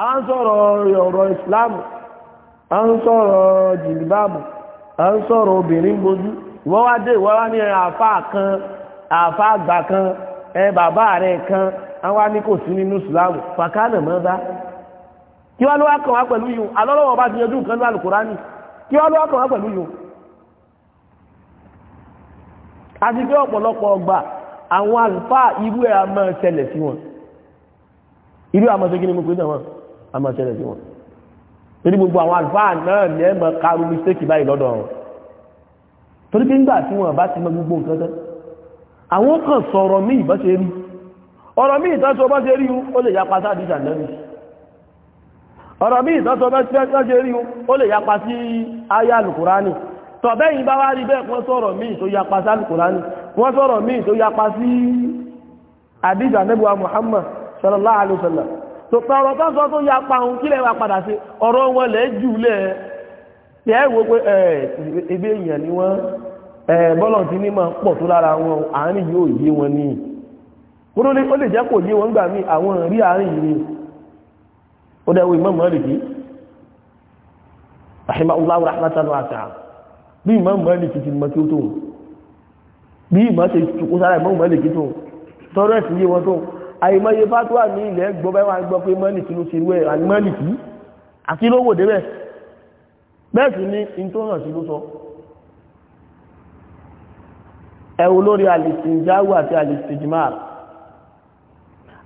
a ń sọ̀rọ̀ ọ̀rọ̀ ìsìláàmù a ń sọ̀rọ̀ a obìnrin wá dé ní àfá kan àfá àgbà kan ẹ bàbá kan a wá ní kò sí nínú ìsìláàmù fàkánà mọ́ bá kí wọ́n lọ́wọ́ kàn wá pẹ̀lú yìí alọ́lọ́wọ́ bá ti nǹkan kí kàn wá pẹ̀lú yìí a máa ṣẹlẹ̀ sí wọn torí gbogbo àwọn àlùfáà náà ní ẹ máa kárú mistake báyìí lọ́dọ̀ wọn torí pé gbogbo nǹkan àwọn kan sọ̀rọ̀ míì bá ṣe rí ọ̀rọ̀ míì tán sọ bá ṣe rí ó lè yapa sáà dìjà lẹ́nu ọ̀rọ̀ míì tán sọ bá ṣe rí ó lè yapa sí tọ̀bẹ́yìn bá wá rí bẹ́ẹ̀ wọ́n sọ̀rọ̀ míì tó pa ọ̀rọ̀ tó sọ tó ya pa òun kílẹ̀ wa padà sí ọ̀rọ̀ wọn lẹ̀ jù lẹ̀ ẹ̀ ẹ̀ wo pé ẹ̀ ebi èèyàn ni wọ́n ẹ̀ bọ́lọ̀ tí ní máa pọ̀ tó lára wọn àárín yóò yé wọn ní kúrò ní ó lè jẹ́ kò yé wọn gbà mí àwọn rí àárín yìí ni ó dẹ̀ wo Imam Málíkì rahimahullahu rahmatan wasi'a bí Imam Málíkì ti mọ́ kí ó tó bí ìmọ̀ ṣe kó sára Imam Málíkì tó tọ́rọ̀ ẹ̀sìn yé wọn tó àìmọye fatuwa ní ilẹ̀ gbọ́ báyìí wọ́n gbọ́ pé mọ́lìkì ló ṣe wẹ́ àní mọ́lìkì àti lówó débẹ̀ bẹ́ẹ̀ sì ni in tó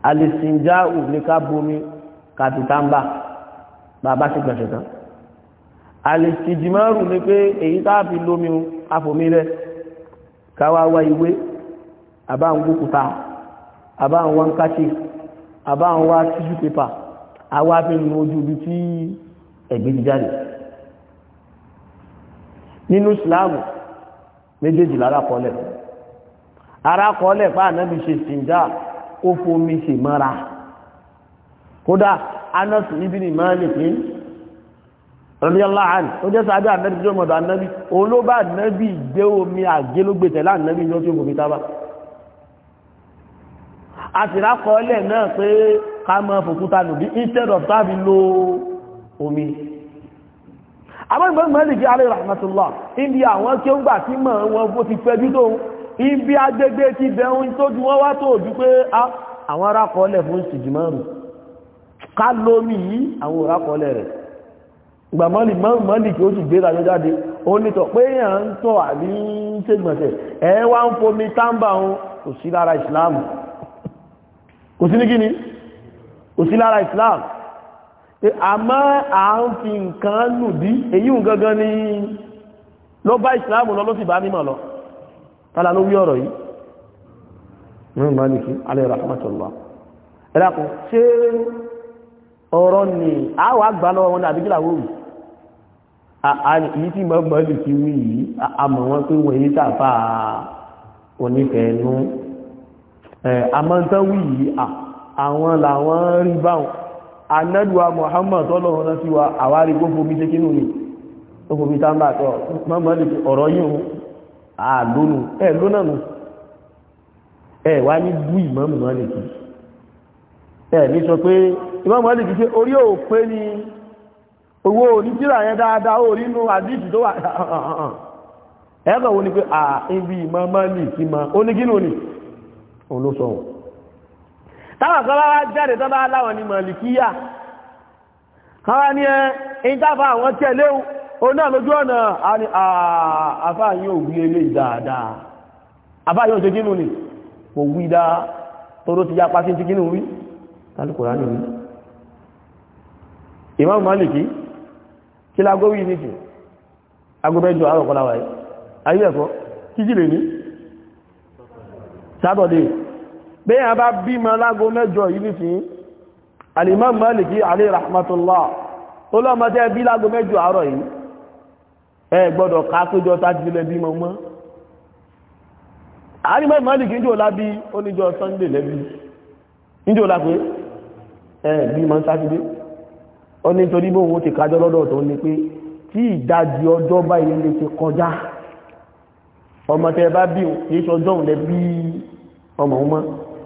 hàn bomi kàtìtàmbà bàbá sí gbẹ̀ṣẹ̀ tán alìsìnjìmáàrù ni pé èyí táàfi lómi afòmí rẹ̀ káwá ìwé àbá ń gbókúta àbá ń wá ń káṣe àbá ń wá tíṣù pépà àwa fi ń ojú ibi tí ẹ̀gbẹ́ ti nínú Islam méjèèjì lára kọlẹ̀ ara kọlẹ̀ pa ànábi ṣe sìnjá ó fomi ṣe mọ́ra kódà Anas ibn Malik pé radiyallahu anhu tó jẹ́ sáájú ànábi tí ó mọ̀dọ̀ ànábi òun ló gbé omi àgélógbètẹ̀ láànábi ní ó tí ó a sì rákọọ́lẹ̀ náà pé ká mọ́ fòkúta nùbí instead of tàbí lo omi àbọ́gbọ́n mẹ́lìkì alẹ́ rahmatullah ibi àwọn tí ó ń gbà tí mọ̀ wọn bó ti fẹ́ jútó ibi agbègbè ti bẹ̀rún tó ju wọ́n wá tó ojú pé ah, àwọn arákọọ́lẹ̀ fún ìsìjìmọ́rù ká lómi yìí àwọn arákọọ́lẹ̀ rẹ̀ ìgbà mọ́lì mọ́lì kí ó sì gbéra ló jáde ó nítọ̀ pé èèyàn ń tọ́ àbí ń ṣègbọ̀nsẹ̀ ẹ̀ ń fomi táǹbà òun kò sí lára ìsìláàmù kò sí ní gíní kò sí lára islam àmọ́ à ń fi nǹkan lùdí èyí ń gangan ní ló bá islam lọ ló sì bá mímọ̀ lọ tààlà ló wí ọ̀rọ̀ yìí mọ́rin Málìkì alayhi rahmatullah ẹ̀dàkùn ṣe ọ̀rọ̀ ni a wà gbà wọn àbíkí làwọ́ wọ́n àmọ́ntánwì yìí àwọn làwọn rí báwọn anẹ́lùwà Muhammad tọ́lọ̀wọ́n lọ sí wa àwárí kó fomi ṣe ni ó fomi tánbà tọ́ mọ́mọ́lì ọ̀rọ̀ yìí àlónù ẹ̀ lónàmù ẹ̀ wá ní bú ìmọ̀mọ́lì ẹ̀ ní sọ pé òun ló sọ̀rọ̀ táwọn kan bá jáde tó bá láwọn ní màlìkíyà káwá ní ẹ in táfà àwọn tẹ̀lé òun náà lójú ọ̀nà àfà yóò wí elé dáadáa àfà yóò ṣe kínú ni kò wí dá tóró ti yapa sí ti kínú wí tálùkùrá ní wí Imam Maliki kí lágó wí ní kí agobẹ́jọ àrọ̀kọ́láwà yìí ayé ẹ̀kọ́ kí jìlè ní Saturday pé a bá bímọ lágó mẹ́jọ yìí ní fi Al-Imam Maliki alayhi rahmatullah ó lọ́mọ tẹ́ bí lágó mẹ́jọ àárọ̀ yìí ẹ gbọ́dọ̀ ká péjọ tájílẹ̀ bímọ mọ́ Al-Imam Maliki ń jò lábí oníjọ Sunday lẹ́bí ń jò lápé ẹ bímọ sátidé ó ní torí bóun ó ti kájọ lọ́dọ̀ tó ní pé tí ìdajì ọjọ́ báyìí lè ti kọjá ọmọ tẹ́ bá bí ìṣọjọ́ òun lẹ ọmọ òun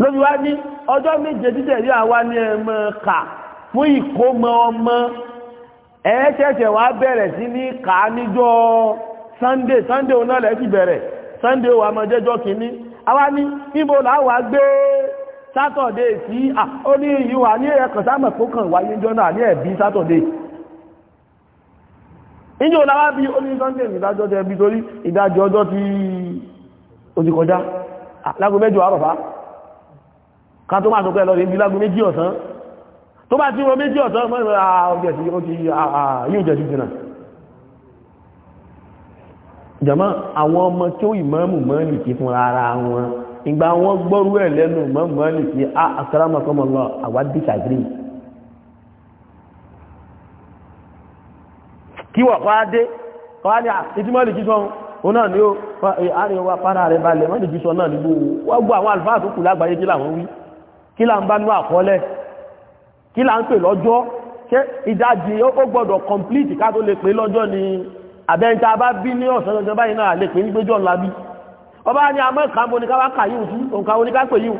lóbi wá ní ọjọ́ méje títẹ̀ rí àwa ní ẹmọ kà fún ìkómọ ọmọ ẹ̀ẹ́sẹ̀sẹ̀ wá bẹ̀rẹ̀ sí ní kà níjọ́ sunday sunday ọ̀nà lẹ́ ti bẹ̀rẹ̀ sunday wà mọ́ jẹ́jọ́ kìíní àwa ní níbo làwà gbé saturday sí ó ní ìyíwà ní ẹ̀kọ̀ sámọ̀ tó kàn wáyé jọ́nà ní ẹ̀bí saturday ìjọ làwà bí ó ní sunday ìdájọ́ tẹ́ bí torí ìdájọ́ ọjọ́ ti kọjá lágbo mẹ́jọ àrọ̀fà ká tó máa sọ pé lọ́rin ìdílágún méjì ọ̀sán tó bá ti rọ méjì ọ̀sán mọ́ ìrọ̀ ààrùn yóò jẹ́ jùdínà jàmá àwọn ọmọ tí ó ìmọ́mù mọ́lì kí fún ara wọn ìgbà wọn gbọ́rú ẹ̀ lẹ́nu mọ́mù mọ́lì ah, kí a àkàràmọ́kọ́mọ́lọ́ àwádìí sàgírì kí wọ̀ de á dé kọ́ á ní ìtìmọ́lì kí sọ́run náà ni ó eh, àárín wa para rẹ̀ balẹ̀ mọ́lì kí sọ náà nígbò wọ́n gbọ́ àwọn àlùfáà tó kù lágbàáyé kí làwọn wí kí là ń bá nú àkọọ́lẹ̀ kí là ń pè lọ́jọ́ ṣé ìdajì ó gbọ́dọ̀ complete ká tó lè pè lọ́jọ́ ni àbẹ́ntà bá bí ní ọ̀sán lọ́jọ́ báyìí náà lè pè ní gbéjọ́ labí ọba ni àmọ́ ìkan bo ni ká bá kà yíò sí òǹkà wo ni ká pè yíò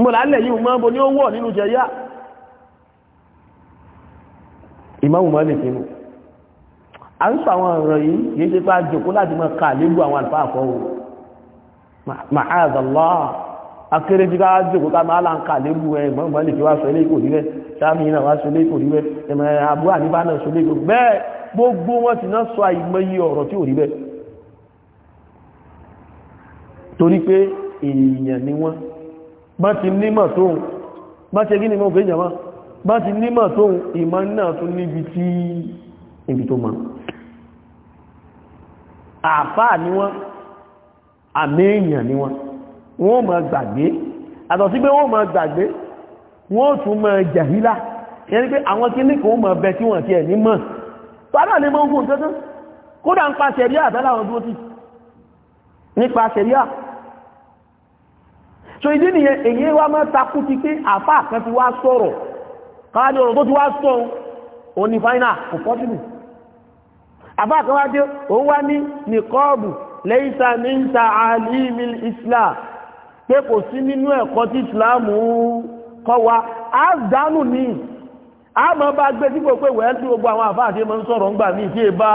mo là ń lẹ̀ yíò mọ́ bo ni ó wọ̀ nínú jẹ̀yà ìmáwù mọ́ lè fi mú a ń sọ àwọn ọ̀rọ̀ yìí yìí ṣe pé a jòkó láti mọ́ ká lébù àwọn àlùfáà kọ́ wò ma'azallah akéré tí ká jòkó ká máa láǹkà lébù ẹ gbọ́ngbọ́n lè fi wá sọ ilé ìkò ríwẹ́ sáàmì náà wá sọ ilé ìkò ríwẹ́ ẹ̀mọ̀ àbúrò àníbá náà sọ ilé ìkò bẹ́ẹ̀ gbogbo wọn ti náà sọ àìmọye ọ̀rọ̀ tí ò rí torí pé èèyàn ni wọ́n àmì èèyàn ni wọ́n wọ́n máa gbàgbé àtọ̀ sí pé wọ́n máa gbàgbé wọ́n tún máa jàhílá yẹni pé àwọn kí ní kò mọ̀ bẹ tí wọ́n ti ẹ̀ ní mọ̀ tọ́lá lè mọ́ ogun tẹ́tẹ́ kódà ń pa sẹ̀ríà àtàlà àwọn tó ti nípa sẹ̀ríà so ìdí nìyẹn èyí wá máa takú ti pé àfá kan ti wá sọ̀rọ̀ káàdì ọ̀rọ̀ tó ti wá sọ òun ni fáínà kò pọ́sílù àfá kan wá dé òun islam pé kò sí nínú ẹ̀kọ́ tí ìsìláàmù kọ́ wa á dánù ní a mọ́ bá gbé dípò pé wẹ́ẹ́ tí gbogbo àwọn àfáà tí mọ́ ń sọ̀rọ̀ ńgbà ní ìṣe bá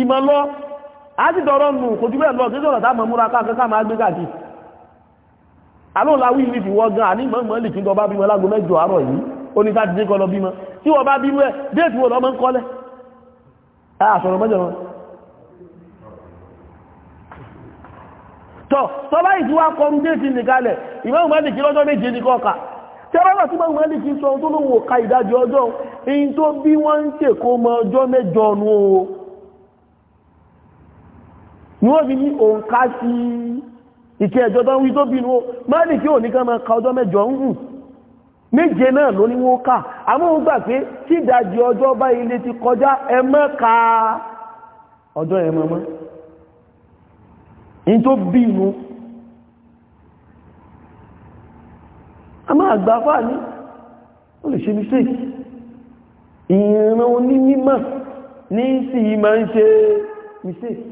ìmọ̀ lọ a ti dọ̀rọ̀ nù kò jù bẹ́ẹ̀ lọ sí sọ̀rọ̀ táàmù múra káàkiri ká máa gbé kàkì alóòláwí ìlú tọ́ tọ́lá ìfúwà kọrù déètì nìkalẹ̀ ìmọ̀ ìmọ̀lìkì lọ́jọ́ méje ní kọ́ka tẹ́rọ́lá tí wọ́n lè fi sọ tó ló wò ká ìdájọ́ ọjọ́ in tó bí wọ́n ń tè kó mọ ọjọ́ mẹ́jọ nù o ni wọ́n fi ní òǹkà sí ìkẹ́ ẹjọ́ tó ń wí tó bínú o mẹ́lìkì ò ní ká mọ ka ọjọ́ mẹ́jọ ń hùn méje náà ló ní wọ́n kà àmọ́ ó gbà pé tí ìdájọ́ ọjọ́ bá ilé ti kọjá ẹ mọ́ ọjọ́ ẹ mọ́ in tó bí inú a máa gbà fà ní ó lè ṣe mistake ìran oní mímọ̀ ní sí ma ń ṣe mistake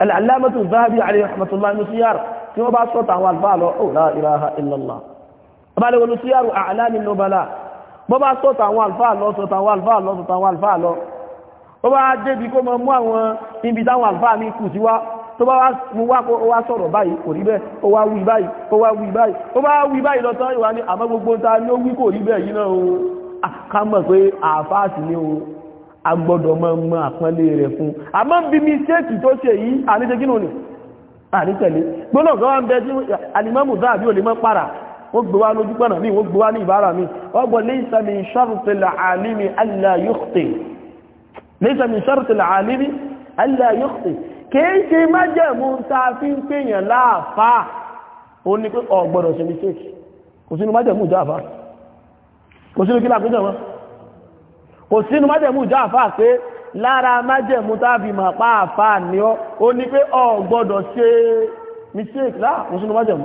al'alamatu zahabi alayhi rahmatullahi ní síyàrá tí wọ́n bá sọ́ta àwọn àlbá lọ ó oh, la ilaha illallah abálẹ̀ olú síyàrá àlàní nobala bọ́ bá sọ́ta àwọn àlbá lọ sọ́ta àwọn àlbá lọ sọ́ta àwọn àlbá lọ ó bá débi kó mọ àwọn ibi táwọn àlbá ní kù síwá tó bá wá sọ̀rọ̀ báyìí kò rí bẹ́ẹ̀ ó wá wí báyìí ó wá wí báyìí ó bá wí báyìí lọ́tọ́ ìwà ni àmọ́ gbogbo ta ni ó wí kò rí bẹ́ẹ̀ yìí náà o ká mọ̀ pé àfáàsì ni o a gbọ́dọ̀ mọ́ mọ́ àpọ́nlé rẹ̀ fún àmọ́ bí mi ṣéèkì tó ṣe yìí àníṣe kí ni àníṣẹ̀lé gbọ́nà kan wá ń bẹ sí ànímọ́mù dáa bí ò lè mọ́ para wọ́n gbé wá lójú pọ̀nà míì wọ́n gbé wá ní ìbára míì wọ́n gbọ́ laysa min shartil alimi kìí ṣe májẹ̀mú tá a fi ń pèèyàn láàfáà ó ní pé o gbọ́dọ̀ ṣe mistake kò sínú májẹ̀mú ìjáàfáà kò sínú kílà pínjẹ̀ wọn kò sínú májẹ̀mú ìjáàfáà pé lára májẹ̀mú tá a fi mà pa àfáà ní ọ ó ní pé o gbọ́dọ̀ ṣe mistake láà kò sínú májẹ̀mú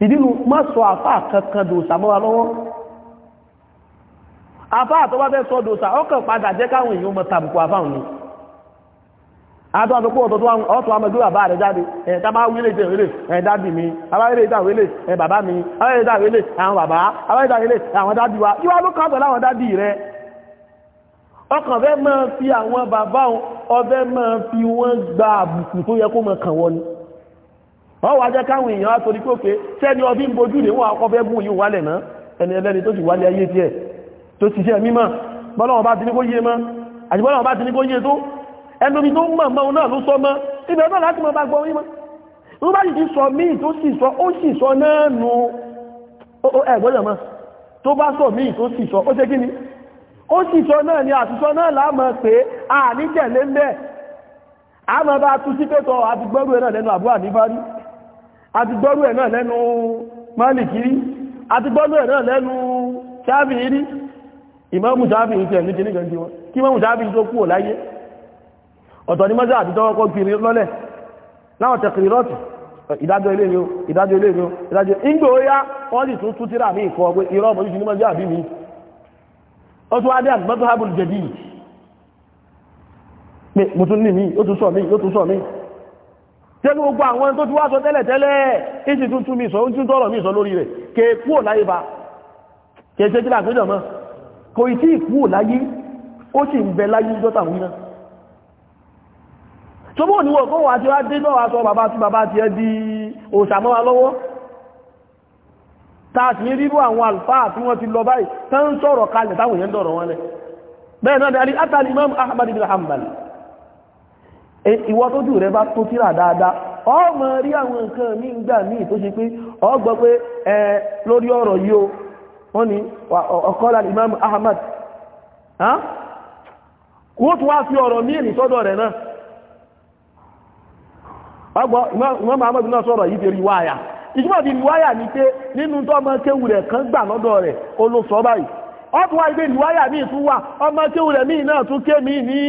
ìdínú má sọ àfáà kankan dòsà mọ́wa lọ́wọ́ àfáà tó bá fẹ́ sọ dòsà ọkàn padà jẹ́ káwọn èèyàn mọ́ tàbùkù àfáàwọn ni àtọ́ àtọ́pọ̀ ọ̀tọ̀ ọ̀tọ̀ àmọ́ ìgbéwà bá rẹ̀ jáde ẹ̀ tábá wílé jẹ́ ìwélé ẹ̀ dábì mi awáyélé ìdáwélé ẹ̀ bàbá mi awáyélé ìdáwélé àwọn bàbá awáyélé ìdáwélé àwọn dábì wa kí wá ló kọ́ pẹ̀lú àwọn dábì rẹ̀ ọkàn fẹ́ máa fi àwọn bàbá ọbẹ̀ máa fi wọ́n gba àbùkù tó yẹ kó máa kàn wọ́n ni wọ́n wá jẹ́ káwọn èèyàn àtòrí pé sẹ́ni ọbí ń bojú ní wọ́n akọ́fẹ́ mú yíò wálẹ̀ náà ẹni ẹlẹ́ni tó sì wálẹ̀ ayé tí ẹ̀ tó ti ṣe mímọ̀ bọ́lọ́wọ́ bá ti ní kó yé mọ́ àti bọ́lọ́wọ́ bá ti ní kó yé tó ẹnubí tó mọ̀ mọ́ náà ló sọ mọ́ ibẹ̀ náà láti mọ́ bá gbọ́ orí mọ́ ló bá sì sọ míì tó sì sọ ó sì sọ náà nù ẹgbọ́dọ̀ mọ́ tó bá sọ míì tó sì sọ ó ṣe kí ni ó sì sọ náà ni àtúsọ náà láàmọ́ pé a ní tẹ̀lé ń bẹ́ẹ̀ a mọ́ bá tú sí pé tọ́ àti gbọ́rú ẹ̀ náà lẹ́nu àbúrà ní bá rí àti gbọ́rú ẹ̀ náà lẹ́nu Málìkì àti gbọ́rú ẹ̀ náà lẹ́nu Ṣáfi'í rí ìmáàmù Ṣáfi'í ti ẹ̀lú kìíní gẹ̀ẹ́jì wọn kí ìmáàmù Ṣáfi'í tó kúrò láyé ọ̀tọ̀ ni mọ́sá àti tọ́wọ́kọ́ kiri lọ́lẹ̀ láwọn tẹ̀kiri tẹ́lú gbogbo àwọn tó ti wá sọ tẹ́lẹ̀ tẹ́lẹ̀ ìsì tuntun mi sọ ó tún tọ́rọ̀ mi sọ lórí rẹ̀ kè kúò láyé bá kè ṣe kí láàpéjọ mọ́ kò ì tí kúò láyé ó sì ń bẹ láyé jọta wí náà tó bóò níwọ̀ kó wà tí wá dé náà wá sọ bàbá tí bàbá ti ẹ́ E, ìwọ tó jù rẹ bá tó tíra dáadáa ọmọ rí àwọn nǹkan míì gbà míì tó o gbọ́ pé ẹ lórí ọ̀rọ̀ yìí o wọ́n ni ọ̀kọ́lá Imam Ahmad wọ́n tún wá fi ọ̀rọ̀ míì ní sọ́dọ̀ rẹ̀ náà ọgbọ́ Imam Ahmad náà sọ̀rọ̀ yìí fi riwaya riwaya kan sọ ọdún wa ilé ìwáyà míì tún wà ọmọ tí ó rẹ̀ míì náà tún ké mi ní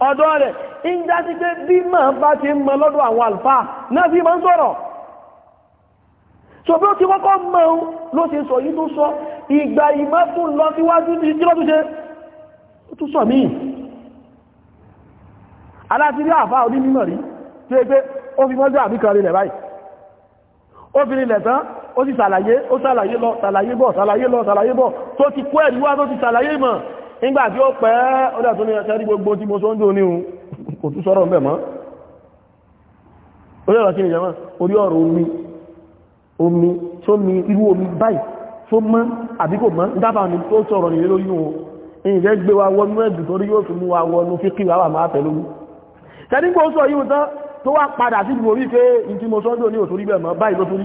ọ̀dọ̀ rẹ̀ ń já sí pé bí màá bá ti ń mọ lọ́dọ̀ àwọn àlùfáà náà fi máa ń sọ̀rọ̀ so bí ó ti kọ́kọ́ mọ́ ohun ló ti sọ yí tó sọ ìgbà ìmọ́ tún lọ síwájú ní kí ló tún ṣe ó tún sọ míì aláti ó ti sàlàyé ó sàlàyé lọ sàlàyé bọ̀ sàlàyé lọ sàlàyé bọ̀ tó ti kó ẹ̀rí wá tó ti sàlàyé mọ̀ nígbà tí ó pẹ́ ó dẹ̀ tó ní ẹsẹ̀ rí gbogbo tí mo sọ ń dò ní òun kò tún sọ̀rọ̀ mẹ́ mọ́ orí ọ̀rọ̀ kí ni jẹ́mọ́ orí ọ̀rọ̀ omi omi tó mi irú omi báyìí tó mọ́ àbí kò mọ́ dábàá ni tó sọ̀rọ̀ nílé lóyún o ìyẹn gbé wa wọnú ẹ̀dùn torí yóò fi mú wa wọnú fi kí wa máa tẹ̀lé mi tẹ́ni kò sọ yìí tán tó wá padà sí ìgbòrí pé ìtí mo sọ́ńdò ní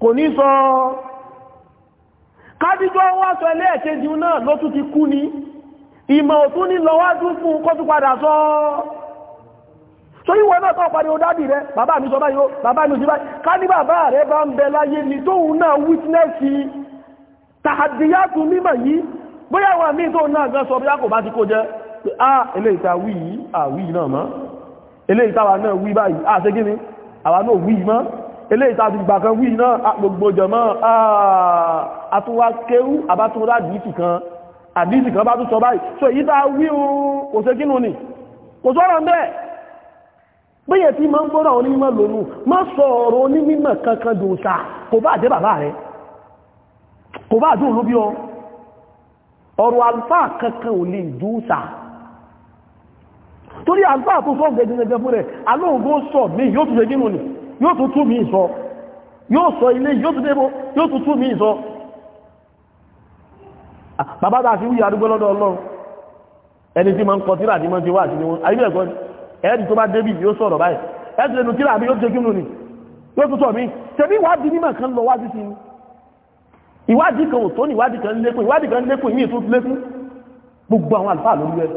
kò ní sọ kádíjọ́ wá sọ ẹlẹ́ẹ̀kejì náà ló tún ti kú ni ìmọ̀ òtún ní lọ́wájú fún kó tún padà sọ so ìwọ náà tọ́ pariwo dádì rẹ bàbá mi sọ báyìí bàbá mi sí báyìí ká ní bàbá rẹ bá ń bẹ láyé ní tóun náà wítínẹ́sì tàdíyàtù mímọ̀ yìí bóyá wà ní tóun náà gan sọ bí a kò bá ti kó jẹ́ pé á eléyìí wí yìí àwí náà mọ́ eléyìí táwa náà wí báyìí àṣegíní àwa náà wí mọ́ ilé ìtàdì ìgbàkan wí náà gbogbo jọmọ́ àtúnwà kéwú àbátúnrà àdìsì kan àdìsì kan bá tún sọ báyìí so èyí tàà wí oòrùn kò sé kínú ni kò sọ́rọ̀ mẹ́ bíyẹ̀ tí ma ń gbọ́rọ̀ onímọ̀ lónú má sọ̀rọ̀ onímọ̀ kankan dòṣà kò bá jẹ́ bàbá rẹ̀ kò bá dùn lóbi ọ ọ̀rọ̀ àlùfáà kankan ò lè dòṣà torí àlùfáà tó sọ́ọ̀gẹ́gẹ́gẹ́ fún rẹ̀ alóògbó sọ̀ mí yóò tún ṣe kínú ni yóò tún tú mi sọ yóò sọ ilé yóò tún débò yóò tún tú mi sọ bàbá tàà fi wí àdúgbò lọ́dọ̀ ọlọ́run ẹni tí ma ń kọ tíra ní mọ́ ti wá àti níwọ̀n ayé ẹ̀kọ́ ẹ̀ẹ́dì tó bá débì yóò sọ̀rọ̀ báyìí ẹ̀ẹ́dì lẹ́nu tíra mi yóò tẹ́kí nù ní yóò tún sọ mí tẹ̀bí ìwádìí mímọ̀ kan lọ wájú sí ìwádìí kan ò tó ní ìwádìí kan lékún ìwádìí kan lékún ìmí ìtún lékún gbogbo àwọn àlùfáà lórí ẹ̀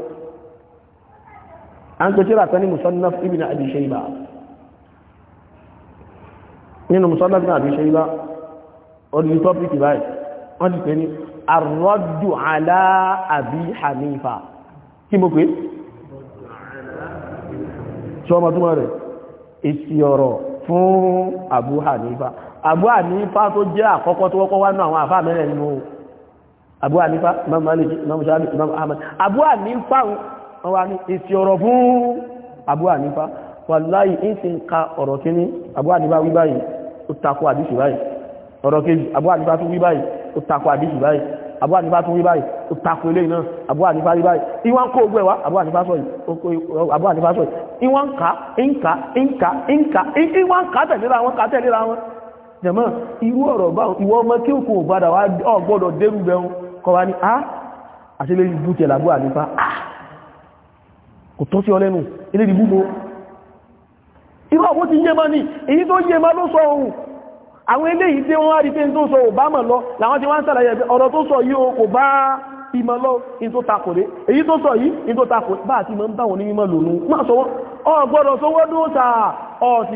à ń pe tíra kan ní musannaf ibn abi shayba nínú musọ́lọ́gbọ̀n àbí ṣe ibá orí tọ́pìkì báyìí wọ́n ti pè ní arọ́dù alá àbí hanifa kí mo pè ṣe ọmọ túnmọ̀ rẹ̀ èsì ọ̀rọ̀ fún àbú hanifa àbú hanifa tó jẹ́ àkọ́kọ́ tó wọ́kọ́ wá náà àwọn àfáà mẹ́rẹ̀ nínú àbú hanifa imam malik imam ó takò àdìsí báyìí ọ̀rọ̀ kejì Abu Hanifa tún wí báyìí ó takò àdìsí báyìí Abu Hanifa tún wí báyìí ó takò eléyìí náà Abu Hanifa rí báyìí ìwọ́n kó ogun ẹ̀wá Abu Hanifa sọ yìí Abu Hanifa sọ yìí ìwọ́n ká ìǹkà ìǹkà ìǹkà ìwọ́n ká tẹ̀léra wọn ká tẹ̀léra wọn jẹ̀mọ́ irú ọ̀rọ̀ báwọn ìwọ ọmọ kí òkun ògbádà wá ọgbọ́dọ̀ dérú bẹ̀rún kọ wa ní a àti ilé ìbú tẹ̀lábú Hanifa kò tọ́ sí ọ lẹ́nu ilé ìbú mo irú àwọn ti yé mọ́ ní èyí tó yé mọ́ ló sọ ohun àwọn eléyìí tí wọ́n rí pé tó sọ ò bá mọ̀ lọ làwọn ti wọ́n sàlàyé ọ̀rọ̀ tó sọ yìí kò bá ìmọ̀ lọ in tó takò rẹ̀ èyí tó sọ yìí in tó takò bá àti mọ̀ ń bá wọn ní mímọ̀ lònú má sọ wọ́n ò gbọ́dọ̀ sọ wọ́n dúró sà ò sì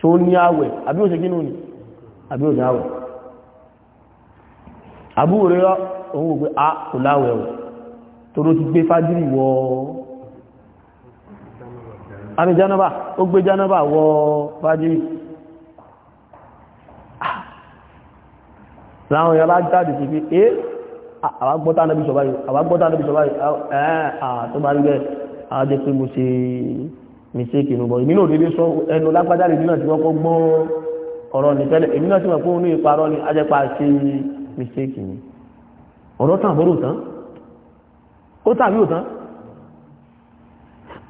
tó ní àwẹ̀ àbí ó ṣe kínú ni àbí ó ní àwẹ̀ àbúrò rẹ̀ òun wò pé a ah, kò láwẹ̀ ọ̀ toró ti gbé fájírì wọ àmì jánábà ó gbé jánábà wọ fájírì ah. láwọn èèyàn bá jáde sí pé é eh, ah, àwágbọ́ta náà bí sọ báyìí àwágbọ́ta náà bí sọ báyìí ẹ́ àtọ́bárí eh, bẹ́ẹ̀ àjẹ́ pé mo ṣe mistake inú bọ̀ èmi náà dédé sọ ẹnu lágbájá rèé nínú àti wọ́pọ̀ gbọ́n ọ̀rọ̀ nìtẹ́lẹ̀ èmi náà ti mọ̀ pé òun ní ìparọ́ ni ajẹ́pà ṣe mistake ni ọ̀rọ̀ tàn bọ́rọ̀ tán ó tàbí ò tán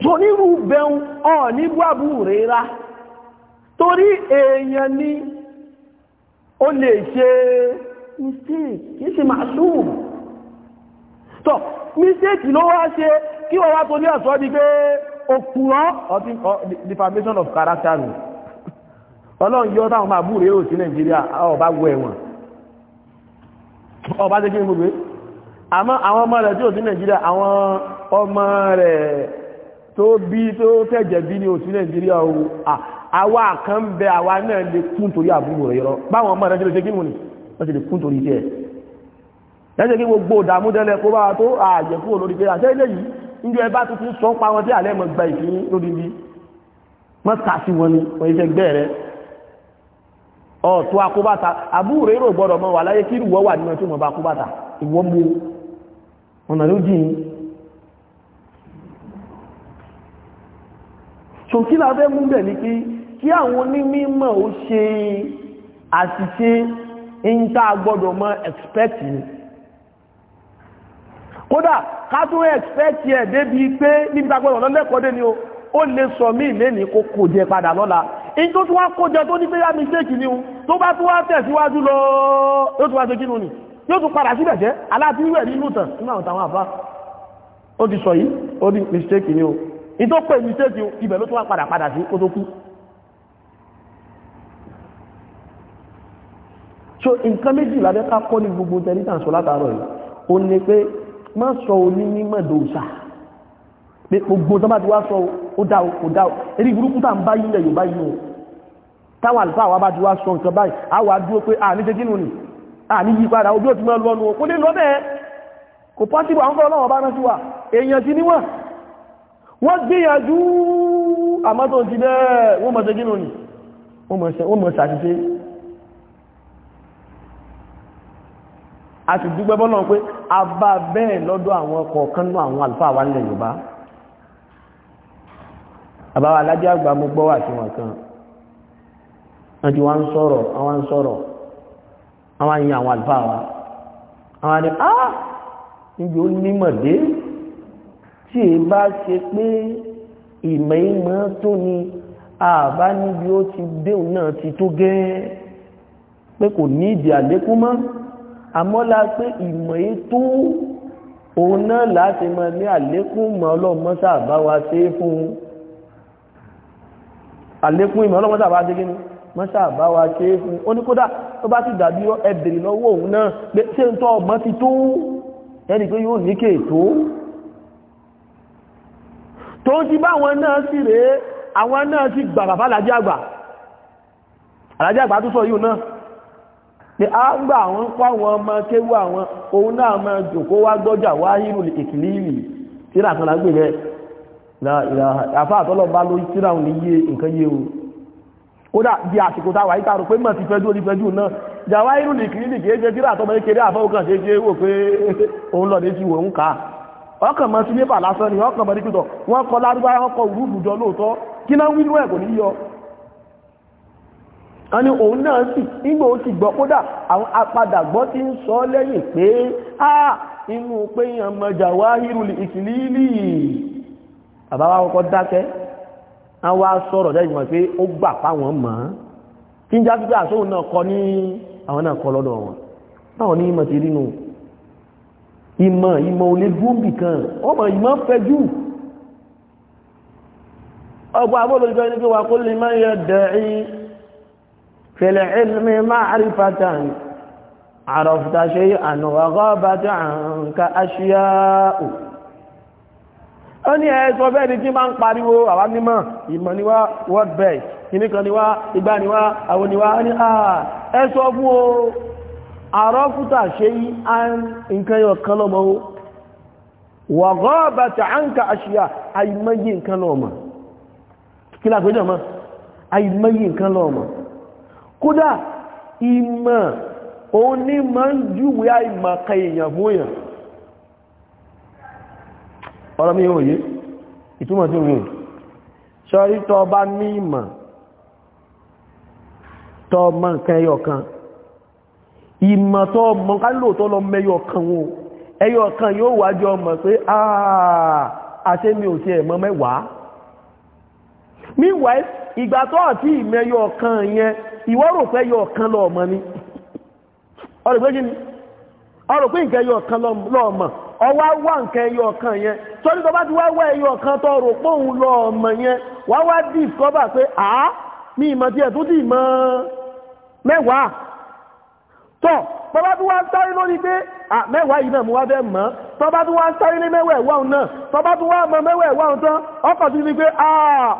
tó nírú bẹun ọ̀ ní búàbù rẹ̀ torí èèyàn ni ó lè ṣe mistake kìí ṣe máa ṣùgbọ́n tọ́ mistake ló wá ṣe kí wọ́n wá tó ní ọ̀sọ́ di pé okùrọ́ defamation of character rẹ̀ ọlọ́run yọ́ táwọn máa búrẹ̀ èrò sí nàìjíríà ọba wọ ẹ̀wọ̀n ọba tẹ́kí ní gbogbo àmọ́ àwọn ọmọ rẹ̀ tí ò sí nàìjíríà àwọn ọmọ rẹ̀ tó bí tó tẹ̀jẹ̀ bí ní ò sí nàìjíríà o àwa kan bẹ àwa náà lè kún torí àbúrò rẹ̀ yọrọ báwọn ọmọ rẹ̀ tí ó ti lè kún torí tẹ́ ẹ̀ lẹ́sẹ̀ kí gbogbo ìdàmúdẹ́lẹ̀ kó bá tó ààyẹ̀kú olórí pé àṣẹ́ ilé yìí níjọ ẹ bá tuntun sọ pa wọn tí alẹ́ mọ̀ gba ìfín lórí bí wọ́n ta sí wọn ni wọ́n iṣẹ́ gbẹ́ rẹ ọ̀tún akóbàtà àbúrò èrò gbọ́dọ̀ mọ́ wà láyé kí ìwọ wà nínú tí mo bá akóbàtà ìwọ mú ọ̀nà ló dì í ṣòkí la fẹ́ mú bẹ̀ ni pé kí àwọn onímọ̀ ó ṣe àṣìṣe ń tá a gbọ́dọ̀ mọ́ expect ni kódà ká tún expect ẹ̀ débi pé nígbà gbọ́dọ̀ lọ́lẹ́kọ̀ọ́ dé ni o ó lè sọ mí lẹ́ni kó kò jẹ padà lọ́la in tó tún wá kó jẹ tó ní pé yá mistake ni o tó bá tún wá tẹ̀síwájú lọ yóò tún wá ṣe kí nù ni yóò tún padà síbẹ̀ jẹ́ aláàtíwẹ̀ nínú tàn nínú àwọn tàwọn àbá ó ti sọ yìí ó ní mistake ni o in tó pè mistake ibẹ̀ ló tún wá padà padà sí kó tó kú so nǹkan méjì lábẹ́ ká kọ́ ní gbogbo tẹ̀lítàn sọ látàárọ̀ yìí ó ní pé má sọ oní mímọ̀ dòṣà pé gbogbo tó bá ti wá sọ ó dá ó dá eré burúkú tá ń bá yílẹ̀ yóò bá yí o táwọn àlùfáà wa bá ti wá sọ nǹkan báyìí a wà dúró pé à ní ṣe kínú ni à ní yí padà ojú òtí máa lọ́nu o kó lè lọ bẹ́ẹ̀ kò pọ́sibù àwọn kọ́lọ́ náà bá rántí wa èèyàn ti níwọ̀n wọ́n gbìyànjú àmọ́ ti bẹ́ẹ̀ wọ́n mọ̀ ṣe kínú ni wọ́n mọ̀ ṣàṣìṣe a sì dúpẹ́ bọ́lọ̀ pé a bá bẹ́ẹ̀ lọ́dọ̀ àwọn kọ̀ọ̀kan náà àwọn àlùfáà wa nílẹ̀ Yorùbá àbáwá alájẹ́ àgbà mo gbọ́ wà sí wọn kan wọ́n ti wá ń àwọn ń àwọn yin àwọn àlùfáà wa àwọn ni a níbi ó nímọ̀dé tí è bá ṣe pé ìmọ̀ ìmọ̀ tó ni àbá níbi ó ti déun náà ti tó gẹ́ pé kò ní ìdí àlékún mọ́ àmọ́lá pé ìmọ̀ ètò òun náà láti mọ ní àlékún ìmọ̀ ọlọ́mọ́sà bá wa ṣe fún un àlékún ìmọ̀ ọlọ́mọ́sà bá ṣe kí ni mọ́sà bá wa ṣe fún un ó ní kódà tó bá sì dàbí ẹbẹ̀rẹ̀ lọ́wọ́ òun náà pé ṣé ń tọ́ pé a ń gbà àwọn ń pa àwọn ọmọ kéwú àwọn òun náà máa jòkó wá gbọ́jà wá hírù ìkìlìlì tíra kan lágbè rẹ̀ àfa àtọ́lọ̀ bá lórí tíra òun yé nǹkan yé o kódà bí àsìkò táwà yìí tààrù pé mọ̀ ti fẹ́jú orí fẹ́jú náà jàwá hírù ìkìlìlì kìí àtọ́mọ ṣe pé òun wò ń ọkàn sí lásán ni ọkàn a ní òun náà sì nígbà ó ti gbọ́ kódà àwọn ti ń sọ lẹ́yìn pé a inú pé yàn wa wá hírùlì ìsìlílì àbáwá kọ́kọ́ dákẹ́ a wá sọ̀rọ̀ jẹ́ ìmọ̀ pé ó gbà fáwọn mọ̀ kí n já sí pé náà kọ ní àwọn náà kọ lọ́dọ̀ wọn báwọn ní ìmọ̀ ti rí ìmọ̀ ìmọ̀ olè gúnbì kan ọmọ ìmọ̀ ẹni pé wà kó lè máa yẹ dẹ̀ في العلم معرفة عرفت شيئا وغابت عنك أشياء ó ní ẹ̀ẹ́sọ bẹ́ẹ̀ ni tí máa ń pariwo ni wá world bank kìníkan ni wá ìgbà ni wá àwọn ni wá ní àà o àrọ́fútà ṣe yí nǹkan o wà gọ́ọ̀bà tí kódà ìmọ̀ òun ní ma ń júwé àìmọ̀ ka èèyàn fún èèyàn ọ̀rọ̀ mi òye ìtumọ̀ tí òun sọ́rí tọ́ bá ní ìmọ̀ tọ́ mọ̀ nǹkan ẹyọ kan ìmọ̀ tọ́ mọ̀ ká lóòtọ́ lọ mẹ́yọ kan wọn ẹyọ kan yóò wájọ mọ̀ pé àṣẹ mi ò tiẹ̀ mọ̀ mẹ́wàá meanwhile ìgbà tó àti ìmẹ́yọ yẹn ìwọ rò pé yọ ọ̀kan lọ ọmọ ni ọ̀rọ̀ pé gíní ọ̀rọ̀ pé nǹkan yọ ọ̀kan lọ ọmọ ọwá wà nǹkan ẹyọ ọ̀kan yẹn torí tó bá ti wá wá ẹyọ ọ̀kan tó rò póun lọ ọmọ yẹn wá wá discover pé àá mi ìmọ̀ tiẹ̀ tó dì mọ́ mẹ́wàá tọ́ tọ́bá tó wá ń sáré lórí pé mẹ́wàá yìí náà mú wá fẹ́ mọ́ tọ́bá tó wá ń sáré lé mẹ́wàá ẹ̀wà òun náà tọ́bá tó wá mọ́ mẹ́wàá ẹ̀wà òun tán ọkọ̀ sí ni pé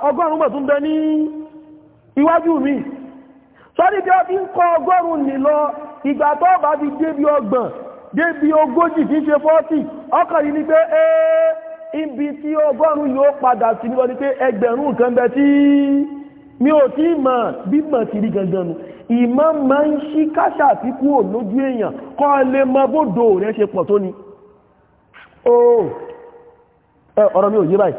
ọgọ́rùn-ún mọ̀ tún bẹ sọ́rí bí ó fi ń kọ ọgọ́rùn-ún nílọ ìgbà tó bá fi débi ọgbọ̀n débi ogójì tí ṣe fọ́tì ọkàn yìí ni pé ee ibi tí ọgọ́rùn-ún yóò padà sí nílọ ni pé ẹgbẹ̀rún nǹkan bẹ tí mi ò tí mọ̀ bí mọ̀ ti rí gangan ìmọ̀ máa ń ṣí káṣà sí kúrò lójú èèyàn kọ́ lè mọ bódò rẹ̀ ṣe pọ̀ tó ni oh, ọ̀rọ̀ mi ò yé báyìí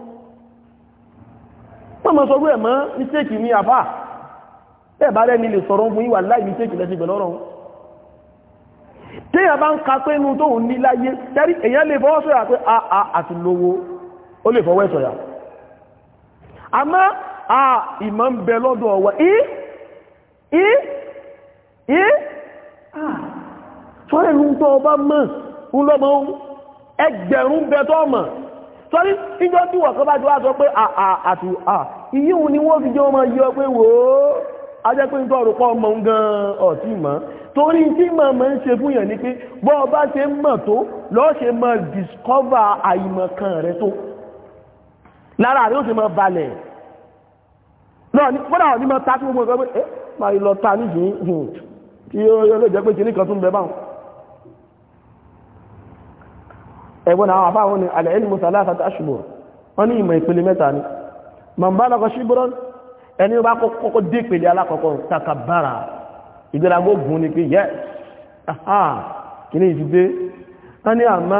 mọ́ sọ rẹ̀ mọ́ mistake ní àfà bẹ́ẹ̀ bá lẹ́ni lè sọ̀rọ̀ fún ìwà láì mistake lẹ́sí pẹ̀lú ọ̀rọ̀ téèyàn bá ń ka pé inú tó ń ní láyé tẹ́rí èèyàn lè fọwọ́ sọ̀yà pé ah, ah, a àti lówó ó lè fọwọ́ sọ̀yà àmọ́ a ìmọ̀ ń bẹ lọ́dọ̀ ọ̀wọ́ ì ì ì sọ́rẹ̀ ń tọ́ ọba mọ̀ ń lọ́mọ ẹgbẹ̀rún bẹ tọ́ mọ̀ sọ́rí níjọ́ tí wọ̀kan bá ti wá sọ pé ah, a àti a ìyíhun ni wọ́n fi jẹ́ ọmọ yọ pé wò ó ajẹ́ pé ń tọ́ ọ̀rùpọ̀ ọmọ gan ọ̀tí mọ́ torí tí màmá ń ṣe fún yàn ní pé bọ́ ọba ṣe mọ̀ tó lọ́ ṣe mọ̀ discover àìmọ̀kan rẹ tó lára rẹ ó ṣe mọ̀ balẹ̀ náà ní fọ́nà ọ̀ní mọ̀ tá tí gbogbo ọ̀gọ́ pé ẹ́ eh, máa lọ ta níjìn hmm. kí ó lè jẹ́ pé kìíní kan tún bẹ báwọn ẹ̀gbọ́n àwọn àfáwọn ni alẹ́ ẹni mo sàlá àtàtà ṣùgbọ́n wọ́n ní ìmọ̀ ìpele mẹ́ta ni mọ̀nbálàkọ̀ ṣíbúrọ́ ẹni bá kọ́kọ́ dé ìpele alákọ̀ọ́kọ́ takabara ìgbérago gùn ni pé yẹ́ kìíní ìdígbé wọ́n ní àmà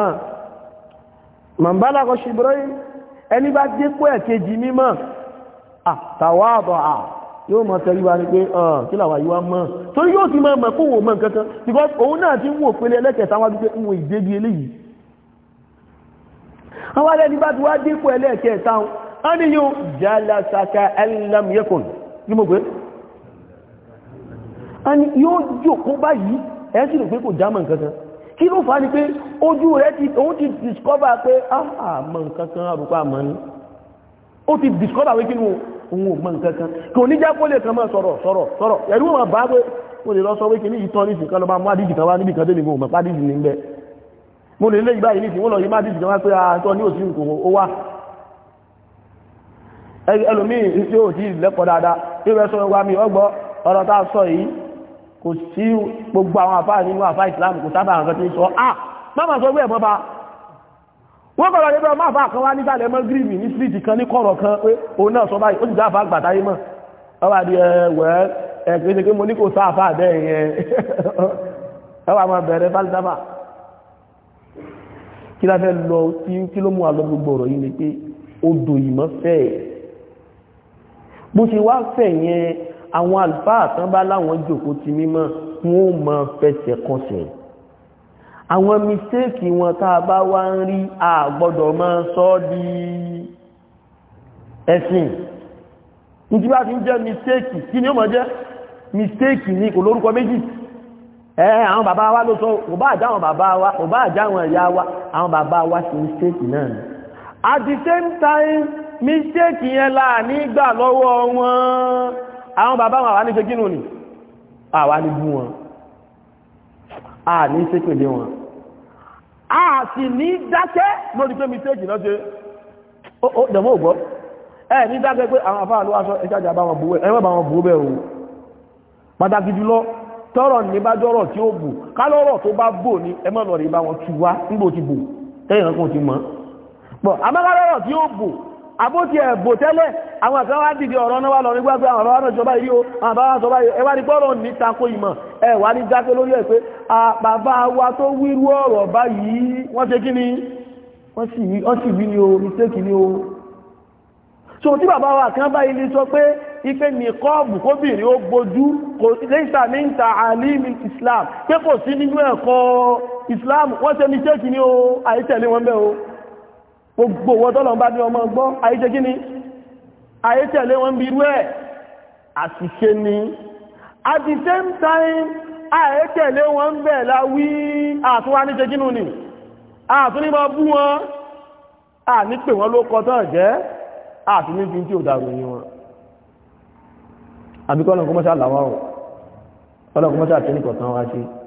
mọ̀nbálàkọ̀ ṣíbúrọ́ ẹni bá dé pé ẹ̀kejì mímọ́ àtàwàbọ̀ ah, à ah, yóò mọ̀ tẹ́ríwá ní pé kí làwà yíwá mọ́ torí yóò ti mọ́ mọ̀ kó wò mọ́ nǹkan kan because òun náà ti ń wò pélé ẹlẹ́kẹ̀ẹ́ta wájú pé ń wo ìdébí eléyìí àwọn alẹ́ni bá ti wá dé pé a ní yóò jalasaka ẹlẹ́m yẹ́kùn ní mo pé a ní yóò jókòó báyìí ẹ̀ sì rò pé kò jámọ̀ nǹkankan kí ló fà ní pé ojú rẹ̀ ti òun ti discover pé àmọ̀ ah, nǹkankan àrùkọ àmọ́ ní ó ti discover wé kí ní òun ò mọ̀ nǹkankan kò ní jẹ́ kó lè kan mọ́ sọ̀rọ̀ sọ̀rọ̀ mo lè lọ sọ wé kí ní ìtọ́ ní ìsìnkan lọ bá mú àdíjì kan wá níbi mo lè lé ìgbà yìí ní ìsìn wọ́n lọ yìí má àdíjì kan wá pé àtọ́ ní òsì nǹkan ẹlòmíì tí ó ti lẹ́kọ̀ọ́ dáadáa tí ó rẹ̀ sọ́rọ̀ wámi ọgbọ́ ọ̀rọ̀ tá a sọ yìí kò sí gbogbo àwọn àfáà nínú àfáà ìsìláàmù kò sábà nǹkan tí ń sọ ah máma sọ wé ẹ̀mọ́ba wọ́n kọ̀rọ̀ níbẹ̀ ọmọ àfáà kan wá nísàlẹ̀ mọ́ gírìmì ní síríìtì kan ní kọ̀rọ̀ kan pé o náà sọ báyìí ó sì dá àfáà gbàtáyé mọ́ ọwà di ẹwẹ́ ẹ̀kẹ́sẹ̀ pé mo ní kò sá àfáà bẹ́ẹ̀ yẹn ọwà máa bẹ̀rẹ̀ fálítáfà kí láfẹ́ lọ kí ló mú àlọ́ gbogbo ọ̀rọ̀ yìí ni pé odò ìmọ̀ fẹ́ẹ̀ bó ṣe wá fẹ̀ yẹn àwọn àlùfáà tán bá láwọn jòkó ti mímọ́ wọn ò mọ fẹsẹ̀ kọsẹ̀ àwọn mistéèkì wọn tá a bá wá ń rí a gbọ́dọ̀ máa di ẹ̀sìn nítí bá ti ń jẹ́ mistéèkì kí ni ó mọ̀ jẹ́ mistéèkì ni kò lórúkọ méjì ẹ̀ àwọn bàbá wa ló sọ kò bá àjá àwọn bàbá wa kò bá at the same time mistake yẹn la nígbà lọ́wọ́ wọn àwọn bàbá wọn àwà ní ṣe kínú ni àwà ní bú wọn a ní ṣépèlé wọn a sì ní dákẹ́ lórí pé mistake náà ṣe ó dẹ̀mọ́ ògbọ́ ẹ ní dákẹ́ pé àwọn afá ló aṣọ ẹjá jà bá wọn bú bẹ́ẹ̀ o pàtàkì jùlọ tọ́rọ̀ ní bá jọ́rọ̀ tí ó bù kálọ́rọ̀ tó bá bò ní ẹmọ́ lọ rí bá wọn tú wá nígbò ti bò tẹ́yìn kan ti mọ́ pọ̀ amẹ́kálọ́rọ̀ tí àbótí ẹ̀bò tẹ́lẹ̀ àwọn àkan wá dìde ọ̀rọ̀ náà wà lọ ní gbágbé àwọn ọ̀rọ̀ ìjọba ìrí o àwọn bá wá sọ báyìí ẹwà ní gbọ́rọ̀ ní tako ìmọ̀ ẹwà ní dákẹ́ lórí ẹ̀ pé bàbá wa tó wírú ọ̀rọ̀ báyìí wọ́n ṣe kí ni wọ́n sì wí ni o mistake ni o so Islam pé kò sí nínú Islam wọ́n ni o àìtẹ̀lé wọn bẹ́ẹ̀ gbogbo owó tọ́lọ̀ bá ní ọmọ gbọ́ ayé jẹ́ kí ni ayé tẹ̀lé wọn bí irú ẹ̀ àṣìṣe ni at the same time ayé tẹ̀lé wọn bẹ̀ láwí àtúnwá ní jẹ́ kínú ni àtúní máa bú wọn à ní pè wọn ló kọtọ́ jẹ́ àtúní fi tí ò dàrú ní wọn àbíkọ́ ọlọ́nkọ́mọ́sá làwọn ọlọ́nkọ́mọ́sá tẹ́nìkọ̀tán wá sí